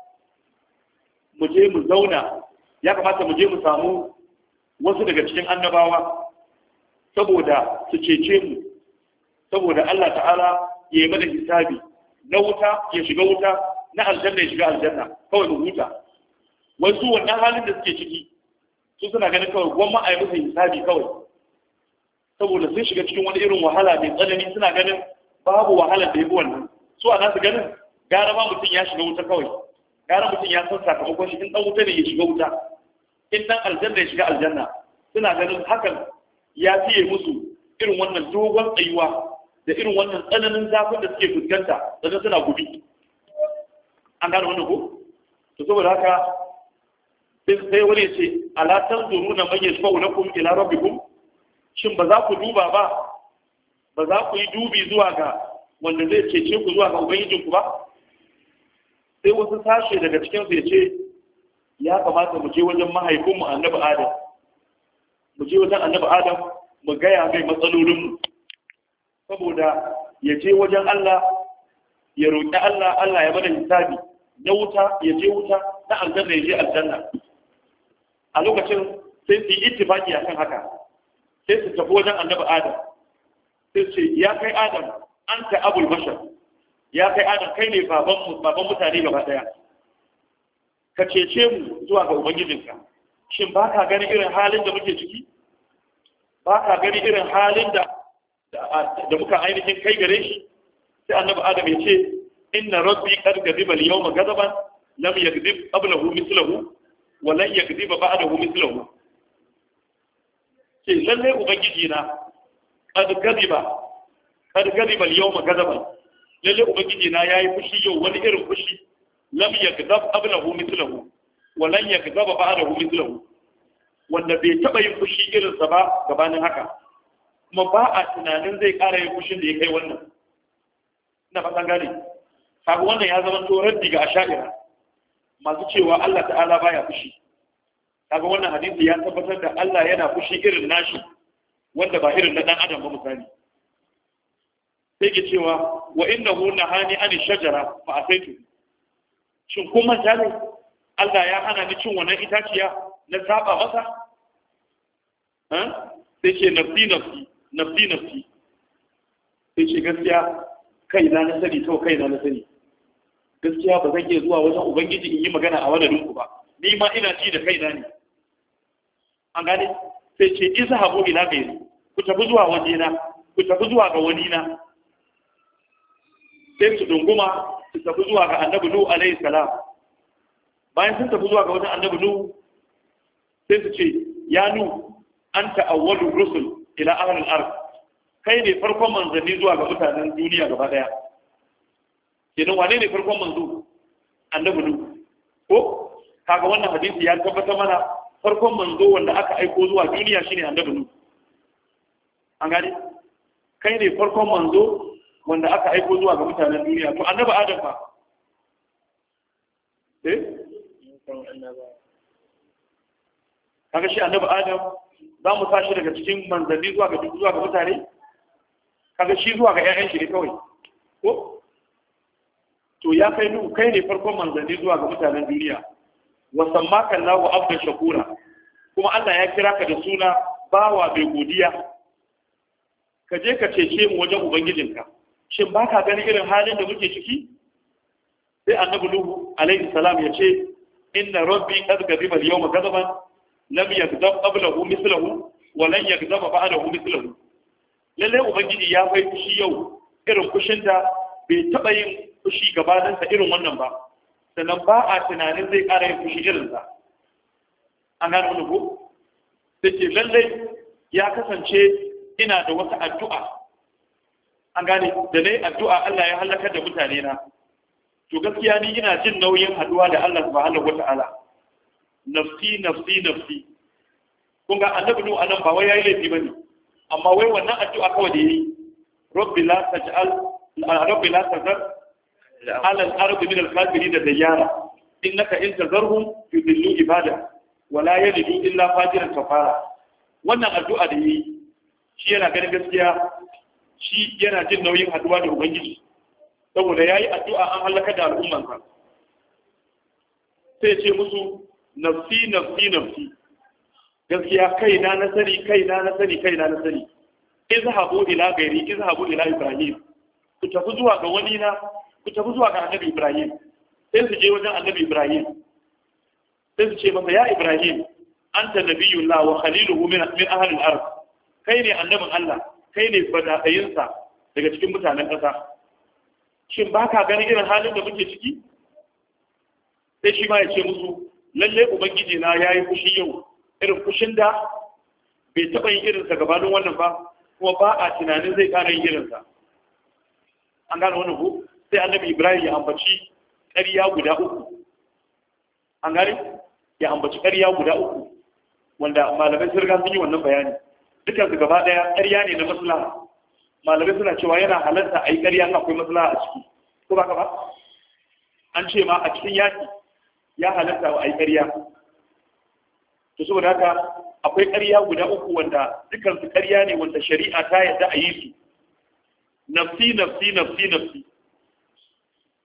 mu je mu zauna ya kamata mu je mu samu wasu daga cikin annabawa saboda su cece mu saboda Allah ta'ala ya yi mana hisabi na wuta ya shiga wuta na aljanna ya shiga aljanna kawai mu huta wai su wannan halin da suke ciki su suna ganin kawai gwamma a yi musu hisabi kawai saboda sun shiga cikin wani irin wahala mai tsanani suna ganin babu wahala da yabo wannan su a su ganin gara ma mutum ya shiga wuta kawai gara mutum ya san sakamakon shi in dan wuta ne ya shiga wuta in dan aljanna ya shiga aljanna suna ganin hakan ya fiye musu irin wannan dogon tsayuwa da irin wannan tsananin zafin da suke fuskanta sannan suna gubi an gane wannan ku? to saboda haka sai wani ce alatar zuru na bayyana shi ba'u lakum ila rabbikum shin ba za ku duba ba ba za ku yi dubi zuwa ga wanda zai cece ku zuwa ga ubangijinku ba sai wasu sashe daga cikin su ya ce ya kamata mu je wajen mahaifinmu annabi adam mu je wajen annabi adam mu gaya mai matsalolinmu saboda ya je wajen Allah ya roƙi Allah Allah ya bada hisabi na wuta ya je wuta na aljanna ya je aljanna a lokacin sai su yi ittifaki akan haka sai su tafi wajen annabi Adam sai su ya kai Adam an ta abul bashar ya kai Adam kai ne baban baban mutane gaba daya ka cece mu zuwa ga ubangijinka shin ba ka gani irin halin da muke ciki ba ka gani irin halin da da muka ainihin kai gare shi sai annabi adam ya ce inna rabbi qad ghadiba al-yawma ghadaban lam yaghdib qablahu mithluhu wa lan yaghdiba ba'dahu mithluhu ce lalle ubangiji na qad ghadiba qad ghadiba al-yawma ghadaban lalle ubangiji na yayi fushi yau wani irin fushi lam yaghdab qablahu mithluhu wa lan yaghdiba ba'dahu mithluhu wanda bai taba yin fushi irinsa ba gabanin haka kuma ba a tunanin zai ƙara yin fushin da ya kai wannan ina fatan gane kaga wannan ya zama tsoron diga ga asha'ira masu cewa Allah ta'ala baya fushi kaga wannan hadisi ya tabbatar da Allah yana fushi irin nashi wanda ba irin na dan adam ba misali sai ke cewa wa innahu nahani an shajara fa asaitu shin kun manta Allah ya hana ni cin wannan itaciya na saba masa sai ke nafsi nafsi nafsi nafsi sai ce gaskiya kai na na sani to kai na na sani gaskiya ba zan iya zuwa wajen ubangiji in yi magana a wani ba ni ma ina ci da kai na ne an gane sai ce in sahabu ila yi. ku tafi zuwa waje na ku tafi zuwa ga wani na sai su dunguma su tafi zuwa ga annabi nuhu alayhi salam bayan sun tafi zuwa ga wani annabi nuhu sai su ce ya nu anta awwalu rusul ila ahlil ardh kai ne farkon manzanni zuwa ga mutanen duniya gaba daya kenan wane ne farkon manzo annabi nu ko kaga wannan hadisi ya tabbata mana farkon manzo wanda aka aiko zuwa duniya shine annabi nu an gani kai ne farkon manzo wanda aka aiko zuwa ga mutanen duniya to annabi adam fa, eh kaga shi annabi adam za mu tashi daga cikin manzanni zuwa ga zuwa ga mutane kaga shi zuwa ga ƴaƴan shi ne kawai ko to ya kai nuhu kai ne farkon manzanni zuwa ga mutanen duniya wa sammaka Allahu abdan shakura kuma Allah ya kira ka da suna bawa mai godiya ka je ka cece mu wajen ubangijinka shin baka ganin irin halin da muke ciki sai annabi nuhu alaihi salam ya ce inna rabbi qad ghadiba al-yawma ghadaban lam bada qablahu mithluhu wa lan ba'dahu mithluhu lallai ubangiji ya fai fushi yau irin kushinta bai taɓa yin fushi gabaninsa irin wannan ba sannan ba a tunanin zai ƙara yin fushi irinsa an gano wani ko da ke lallai ya kasance ina da wata addu'a an gane da na yi addu'a Allah ya halakar da mutane na to gaskiya ni ina jin nauyin haɗuwa da Allah subhanahu wata'ala nafsi nafsi nafsi kun ga annabi nu anan ba wai yayi laifi bane amma wai wannan addu'a kawai da yi ah, rabbi la tazar ala al min al-kafirin da dayyara innaka in tazarhum ibada Wala yalidu illa fajiran kafara wannan addu'a da yi shi yana ganin gaskiya shi yana jin nauyin haduwa da ubangiji saboda yayi addu'a an halaka da al'ummansa sai ce musu nafsi nafsi nafsi gaskiya kaina na sani kaina na sani kaina na sani Habu ila gairi Habu ila ibrahim ku tafi zuwa ga wani na ku tafi zuwa ga annabi ibrahim sai su je wajen annabi ibrahim sai su ce masa ya ibrahim anta nabiyullah wa khaliluhu min min ahli al-ard kai ne annabin Allah kai ne fadadayinsa daga cikin mutanen ƙasa shin baka ganin irin halin da muke ciki sai shi ma ya ce musu lalle ubangiji na yayi fushi yau irin kushin da bai taɓa yin irinsa gabanin wannan ba kuma ba a tunanin zai ƙara yin irinsa an gane wannan ku, sai annabi ibrahim ya ambaci ƙarya guda uku an gane ya ambaci ƙarya guda uku wanda malamai sun riga sun yi wannan bayani dukkan su gaba ɗaya ƙarya ne na maslaha malamai suna cewa yana halarta a yi ƙarya in akwai maslaha a ciki ko ba ka ba an ce ma a cikin yaƙi ya halarta a yi ƙarya to saboda haka akwai ƙarya guda uku wanda dukkan su ƙarya ne wanda shari'a ta yadda a yi su nafsi nafsi nafsi nafsi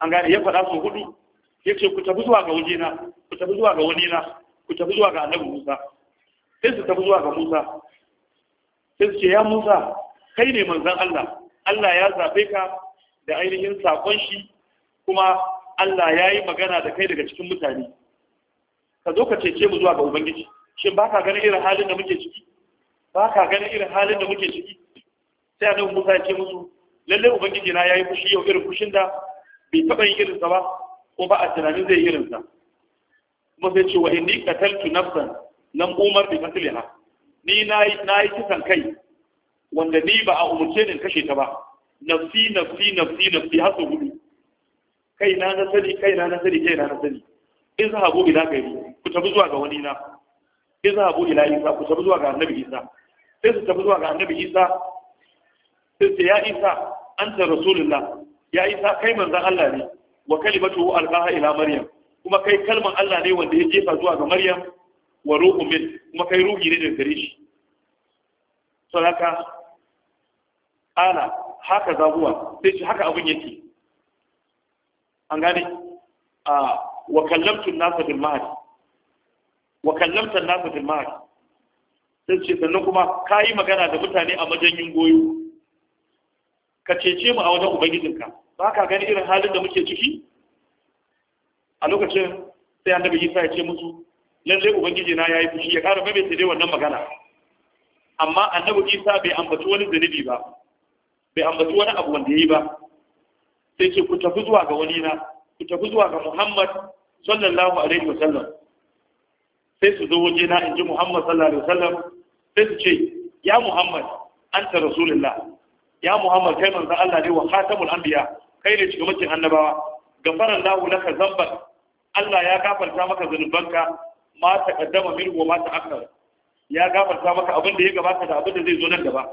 an gane ya faɗa su hudu ya ce ku tafi zuwa ga waje na ku tafi zuwa ga wani na ku tafi zuwa ga annabi Musa sai su tafi zuwa ga Musa sai su ce ya Musa kai ne manzon Allah Allah ya zabe ka da ainihin sakon shi kuma Allah ya yi magana da kai daga cikin mutane ka zo ka cece mu zuwa ga Ubangiji shin ba ka gani irin halin da muke ciki ba ka gani irin halin da muke ciki sai annabi Musa ya ce musu lalle ubangiji na yayi fushi yau irin fushin da bai taba yin irinsa ba ko ba a tunanin zai yi irinsa kuma sai ce wa inni qataltu nafsan lam umar bi qatliha ni nayi nayi kisan kai wanda ni ba a umurce ni kashe ta ba nafsi nafsi nafsi nafsi har su gudu kai na na sani kai na na sani kai na na sani in za a gobe na gari ku tafi zuwa ga wani na za izhabu ila isa ku tafi zuwa ga annabi isa sai su tafi zuwa ga annabi isa sai ce ya isa an ta rasulullah ya isa kai manzon Allah ne wa kalimatu alqaha ila maryam kuma kai kalman Allah ne wanda ya jefa zuwa ga maryam wa ruhu min kuma kai ruhi ne daga gare shi sadaka ala, haka zaguwa sai shi haka abin yake an gane a wa kallamtu nasa bil mahdi wa kallamta nasu fil mahad sai ce sannan kuma ka yi magana da mutane a majanyin goyo ka cece mu a wajen ubangijinka ba ka gani irin halin da muke ciki a lokacin sai annabi Isa ya ce musu lalle ubangiji na yayi fushi ya ƙara maimaita dai wannan magana amma annabi Isa bai ambaci wani zunubi ba bai ambaci wani abu wanda yayi ba sai ce ku tafi zuwa ga wani na ku tafi zuwa ga Muhammad sallallahu alaihi wasallam sai su zo waje na in ji Muhammad sallallahu alaihi wasallam sai su ce ya Muhammad anta rasulullah ya Muhammad kai manzon Allah ne wa khatamul anbiya kai ne shugaban shugabancin annabawa gafara Allahu laka zambar Allah ya gafarta maka zanubanka ma ta kaddama min wa ma ta ya gafarta maka abin da ya gabata da abin da zai zo nan gaba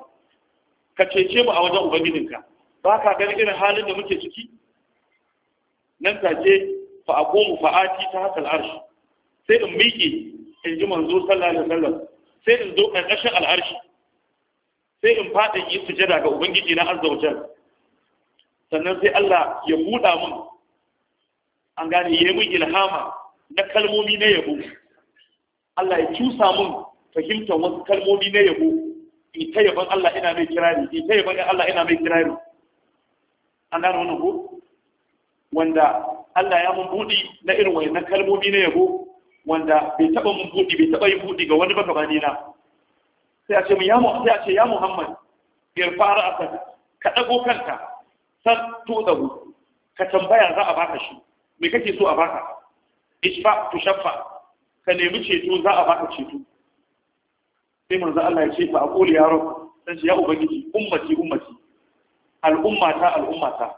ka cece mu a wajen ubangijinka ba ka ganin irin halin da muke ciki nan take fa aqumu fa ati ta hakal arsh sai in miƙe in ji manzo sallallahu alaihi wasallam sai in zo ƙarƙashin al'arshi sai in faɗin yi sujada ga ubangiji na azza wajal sannan sai Allah ya buɗa mun an gane ya yi mun ilhama na kalmomi na yabo Allah ya cusa mun fahimtar wasu kalmomi na yabo in ta yaban Allah ina mai kirari in ta yaban Allah ina mai kirari an gane wannan ko wanda Allah ya mun buɗi na irin wannan kalmomi na yabo wanda bai taba mun budi bai taba yin budi ga wani ba gabani na sai a ce mu ya mu sai a ce ya Muhammad bir fara aka ka dago kanka san to dago ka tambaya za a baka shi me kake so a baka tu shaffa ka nemi ceto za a baka ceto sai manzo Allah ya ce fa aqul ya rabb shi ya ubangiji ummati ummati al'ummata al'ummata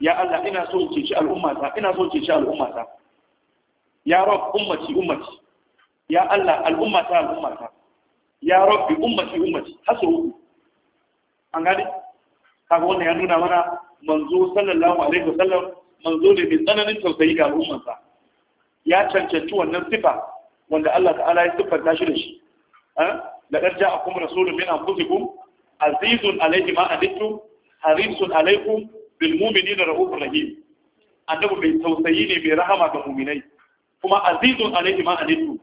ya Allah ina so in ceci al'ummata ina so in ceci al'ummata ya rab ummati ummati ya Allah al'ummata al'ummata ya rabbi ummati ummati haso uku an gani kaga wannan ya nuna mana manzo sallallahu alaihi wasallam manzo ne mai tsananin tausayi ga al'ummarsa ya cancanci wannan sifa wanda Allah ta'ala ya siffanta shi da shi eh? da darja akum rasulun min anfusikum azizun alaihi ma anittum harisun alaikum bil mu'minina ra'ufur rahim annabi mai tausayi ne mai rahama ga mu'minai kuma azizun alaihi ma anitu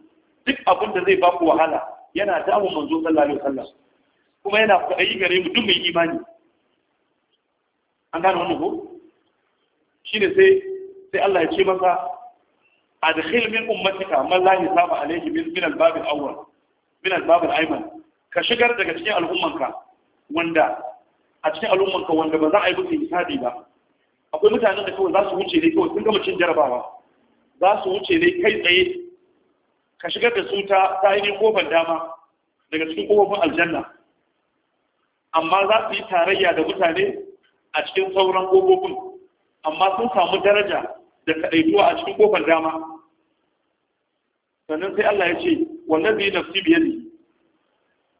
duk abin da zai baku wahala yana damun manzo sallallahu alaihi wasallam kuma yana fa'ayi gare mu duk mai imani an gane wannan ko shine sai sai Allah ya ce masa adkhil min ummatika man la hisaba alayhi min min al-bab al-awwal min al-bab al-ayman ka shigar daga cikin al'ummanka wanda a cikin al'ummanka wanda ba za a yi musu hisabi ba akwai mutanen da kawai za su wuce ne kawai sun gama cin jarabawa za su wuce ne kai tsaye ka shigar da su ta ainihin kofar dama daga cikin kofofin aljanna amma za su yi tarayya da mutane a cikin sauran kofofin amma sun samu daraja da kaɗaituwa a cikin kofar dama sannan sai Allah ya ce wallazi nafsi ne?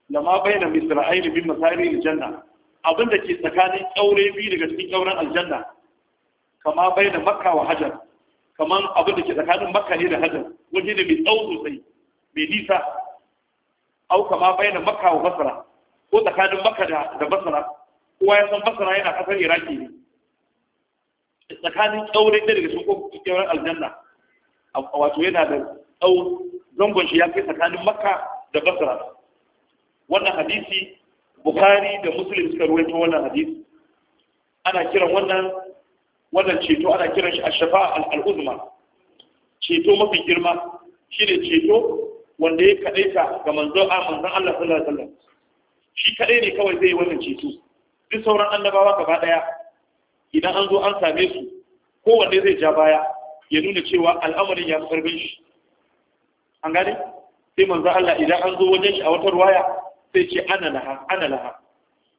lama bayyana misra'aini ainihin masari aljanna abinda ke tsakanin ƙaure biyu daga cikin ƙauren aljanna kama bai makka wa hajar kamar abin da ke tsakanin makka ne da hajar waje ne mai tsawo sosai mai nisa au kama bayyana makka wa basra ko tsakanin makka da basra kowa ya san basra yana kasar iraki ne tsakanin tsawo ne daga cikin kofin aljanna a wato yana da tsawo zangon shi ya kai tsakanin makka da basra wannan hadisi bukhari da muslim suka ruwaito wannan hadisi ana kiran wannan wannan ceto ana kiran shi ashafa al'uzma ceto mafi girma shi ne ceto wanda ya ta ga manzon a manzon Allah sallallahu alaihi shi kaɗai ne kawai zai yi wannan ceto duk sauran annabawa gaba ɗaya idan an zo an same su kowanne zai ja baya ya nuna cewa al'amarin ya fi ƙarfin shi an gane sai manzo Allah idan an zo wajen shi a wata ruwaya sai ce ana laha ana laha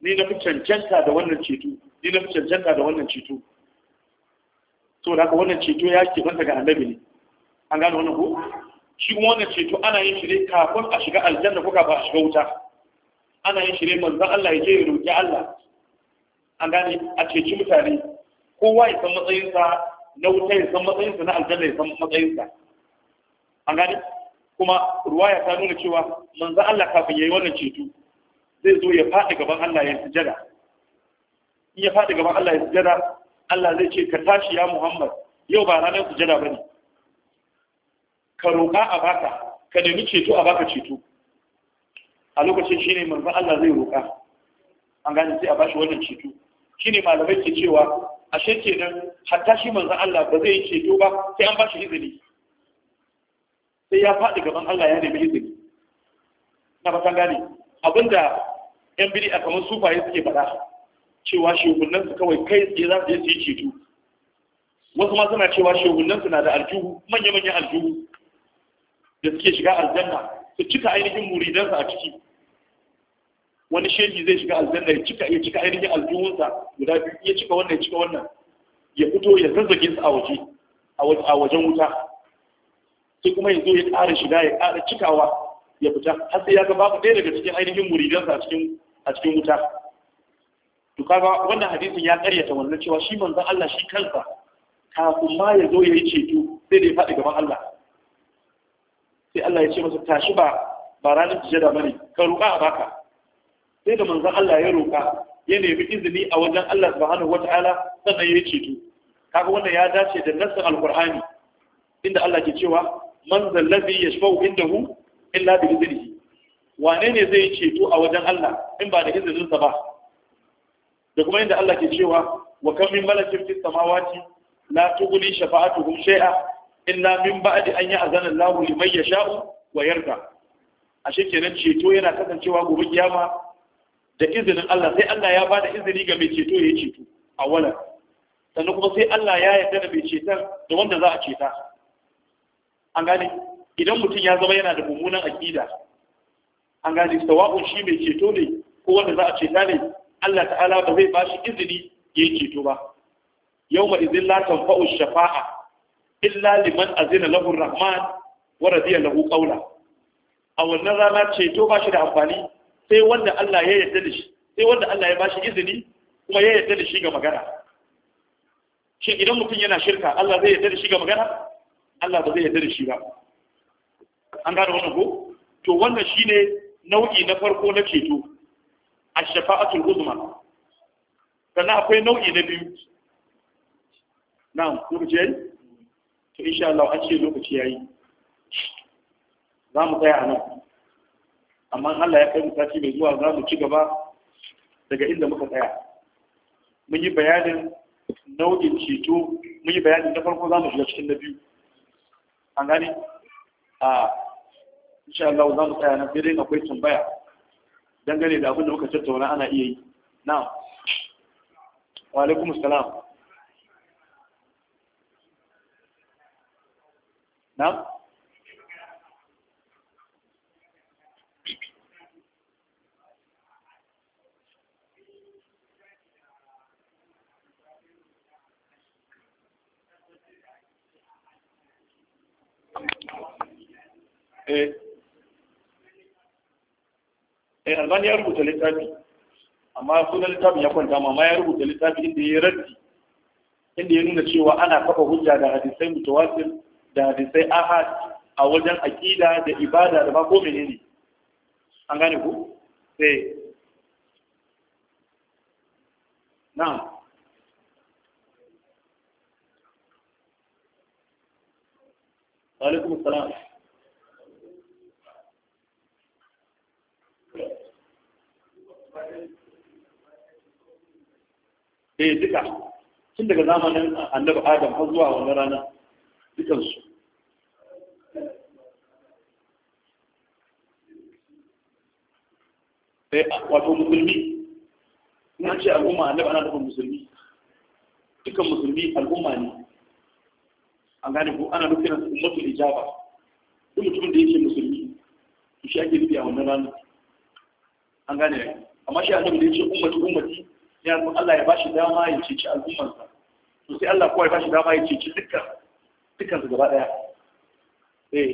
ni na fi cancanta da wannan ceto ni na fi cancanta da wannan ceto saboda haka wannan ceto ya ke banta ga annabi ne an gane wannan ko shi kuma wannan ceto ana yin shi ne kafin a shiga aljanna ko kafin a shiga wuta ana yin shi ne manzon Allah ya je ya roƙi Allah an gane a ceci mutane kowa ya san matsayinsa na wuta ya san matsayinsa na aljanna ya san matsayinsa an gane kuma ruwaya ta nuna cewa manzon Allah kafin yayi wannan ceto zai zo ya faɗi gaban Allah ya sujada in ya faɗi gaban Allah ya sujada Allah zai ce ka tashi ya Muhammad yau ba ranar sujada bane ka roƙa a baka ka nemi ceto a baka ceto a lokacin shine manzon Allah zai roƙa an gane sai a bashi wannan ceto shine malamai ke cewa ashe kenan hatta shi manzon Allah ba zai yi ceto ba sai an bashi izini sai ya faɗi gaban Allah ya nemi izini na ba gane abinda yan bidi a kamar sufaye suke faɗa cewa su kawai kai tsaye za su je su yi ceto wasu ma suna cewa su na da aljuhu manya-manyan aljuhu da suke shiga aljanna su cika ainihin muridansa a ciki wani shehi zai shiga aljanna ya cika ya cika ainihin aljuhunsa guda biyu ya cika wannan ya cika wannan ya fito ya zazzage su a waje a wajen wuta sai kuma ya zo ya ƙara shiga ya ƙara cikawa ya fita har sai ya ga babu ɗaya daga cikin ainihin muridansa a cikin a cikin wuta to kaga wannan hadisin ya karyata wannan cewa shi manzon Allah shi kansa kafin ma ya zo ya yi ceto sai da ya faɗi gaban Allah sai Allah ya ce masa tashi ba ba ranar sujada bane ka roƙa a baka sai da manzon Allah ya roƙa ya nemi izini a wajen Allah subhanahu wataala sannan ya yi ceto kaga wannan ya dace da nassin alqur'ani inda Allah ke cewa man zallazi yashfa'u indahu illa bi iznihi wane ne zai ceto a wajen Allah in ba da izininsa ba da kuma inda Allah ke cewa wa kam min malakin fis samawati la tughni shafa'atuhum shay'a illa min ba'di an ya'zana Allahu liman yasha'u wa yarda ashe kenan ceto yana kasancewa gobe kiyama da izinin Allah sai Allah ya bada izini ga mai ceto ya ceto a wala sannan kuma sai Allah ya yarda da mai cetar da wanda za a ceta an gane idan mutum ya zama yana da mummunan aqida an gane sawa'un shi mai ceto ne ko wanda za a ceta ne Allah ta'ala ba zai bashi izini ya yi ceto ba yau ma izin la tanfa'u shafa'a illa liman azina lahu rahman wa radiya lahu qawla a wannan rana ceto ba shi da amfani sai wanda Allah ya yarda da shi sai wanda Allah ya bashi izini kuma ya yarda da shi ga magana shin idan mutum yana shirka Allah zai yarda da shi ga magana Allah ba zai yarda da shi ba an gane wannan ko to wannan shine nau'i na farko na ceto ash-shafa'atul uzma sannan akwai nau'i na biyu na'am lokaci yayi to insha Allah an ce lokaci yayi za mu tsaya nan amma Allah ya kai mu sati mai zuwa za mu ci gaba daga inda muka tsaya mun yi bayanin nau'in ceto mun yi bayanin na farko za mu shiga cikin na biyu an gani a insha Allah za mu tsaya nan sai dai akwai tambaya dangane da abin da muka tattauna ana iya yi na wa salam na Eh eh ya rubuta littafi amma sunan littafin ya kwanta amma ya rubuta littafi inda ya raddi inda ya nuna cewa ana kafa hujja da hadisai mutawatir da hadisai ahad a wajen aqida da ibada da ba ko menene an gane ku sai eh. na'am alaikum assalam eh duka tun daga zamanin annabi adam har zuwa wani rana dukansu eh, wato musulmi na ce al'umma annabi ana nufin musulmi dukan musulmi al'umma ne an gane ko ana nufin ummatul ijaba duk mutumin da yake musulmi to shi ake nufi a wannan ranar an gane amma shi annabi da yake ummati ummati ya zo Allah ya ba shi dama ya ceci al'ummarsa to sai Allah kawai ya ba shi dama ya ceci dukkan dukkan su gaba daya eh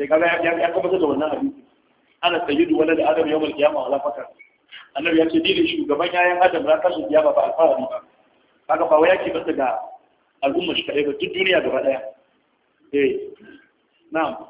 sai eh, ga ya ya kuma da wannan hadisi ana sayyidu wala da adam yawmal qiyamah wala fakar annabi ya ce ni ne shugaban yayan adam ran kashin kiyama ba alfahari ba kaga ba waya ke bata ga al'ummar shi kadai ba duk duniya gaba daya eh na'am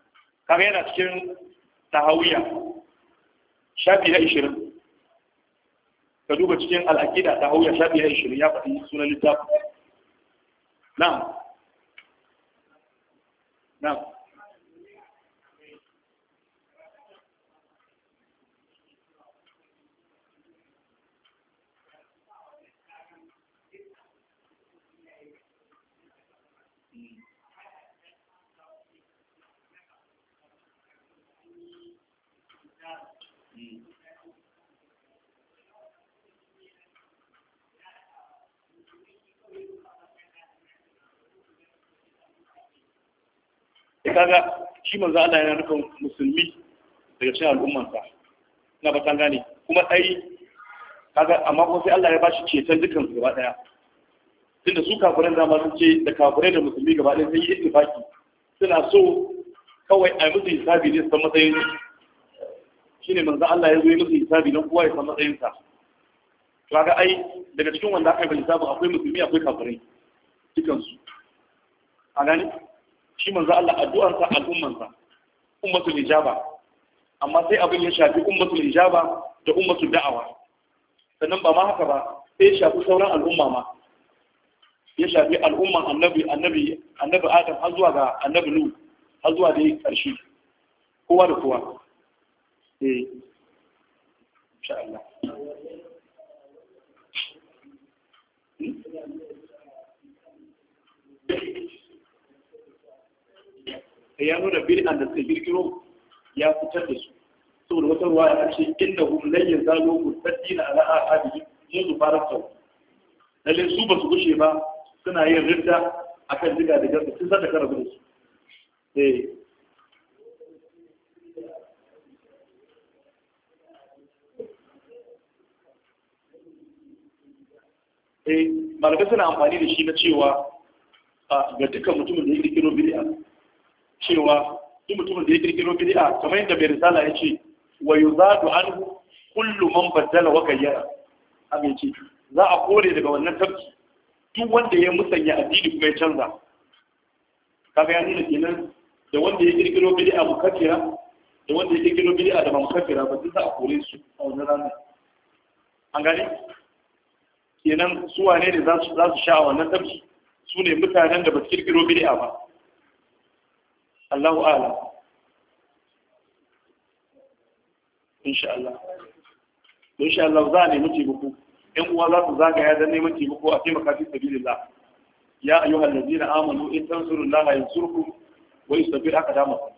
kaga yana cikin tahawiyya shafi na ishirin ka duba cikin al'aƙida tahawiyya shafi na ishirin ya faɗi sunan littafi na'am na'am kaga shi manzo Allah yana nufin musulmi daga cikin al'umman sa ina ba gane kuma sai kaga amma kuma sai Allah ya bashi ceton dukan su gaba daya tunda su kafiran da ma sun ce da kafirai da musulmi gaba daya sai yi ittifaki suna so kawai a musu hisabi ne san matsayin shi ne manzo Allah ya zo yi musu hisabi don kowa ya san matsayin sa kaga ai daga cikin wanda aka yi hisabi akwai musulmi akwai kafirai dukan su a gani shi manzo Allah al'umman al'ummansa ummatul ijaba amma sai abin ya shafi ummatul ijaba da ummatul da'awa sannan ba ma haka ba sai ya shafi sauran al'umma ma ya shafi al'umman annabi annabi annabi Adam har zuwa ga annabi Nuh har zuwa dai karshe kowa da kowa eh insha Allah Thank hmm? you. da ya nuna bid'an da suka girgiro ya fitar da su saboda wata ruwa ya ce inda hum lan yazalu mustaqina ala sun su fara sau lalle su ba su gushe ba suna yin ridda akan diga da gaba sun sanda karabu da su eh eh malamai suna amfani da shi na cewa ga dukkan mutumin da ya kirkiro bid'a cewa duk mutumin da ya kirkiro bid'a kamar yadda bai risala ya ce wa yuzadu anhu kullu man baddala wa gayyara amince za a kore daga wannan tafki duk wanda ya musanya addini kuma ya canza kaga ya nuna kenan da wanda ya kirkiro bid'a mukaffira da wanda ya kirkiro bid'a da ba mukaffira ba duk za a kore su a wannan ranar an gane kenan su wane ne za su sha a wannan tafki su ne mutanen da ba su kirkiro bid'a ba Allahu ala insha Allah insha nemi taimako in uwa za su zagaya don neman taimako a taimaka fi sabilillah ya ayyuhal ladina amanu in tansurullaha yansurkum wa yusabbir aqdamakum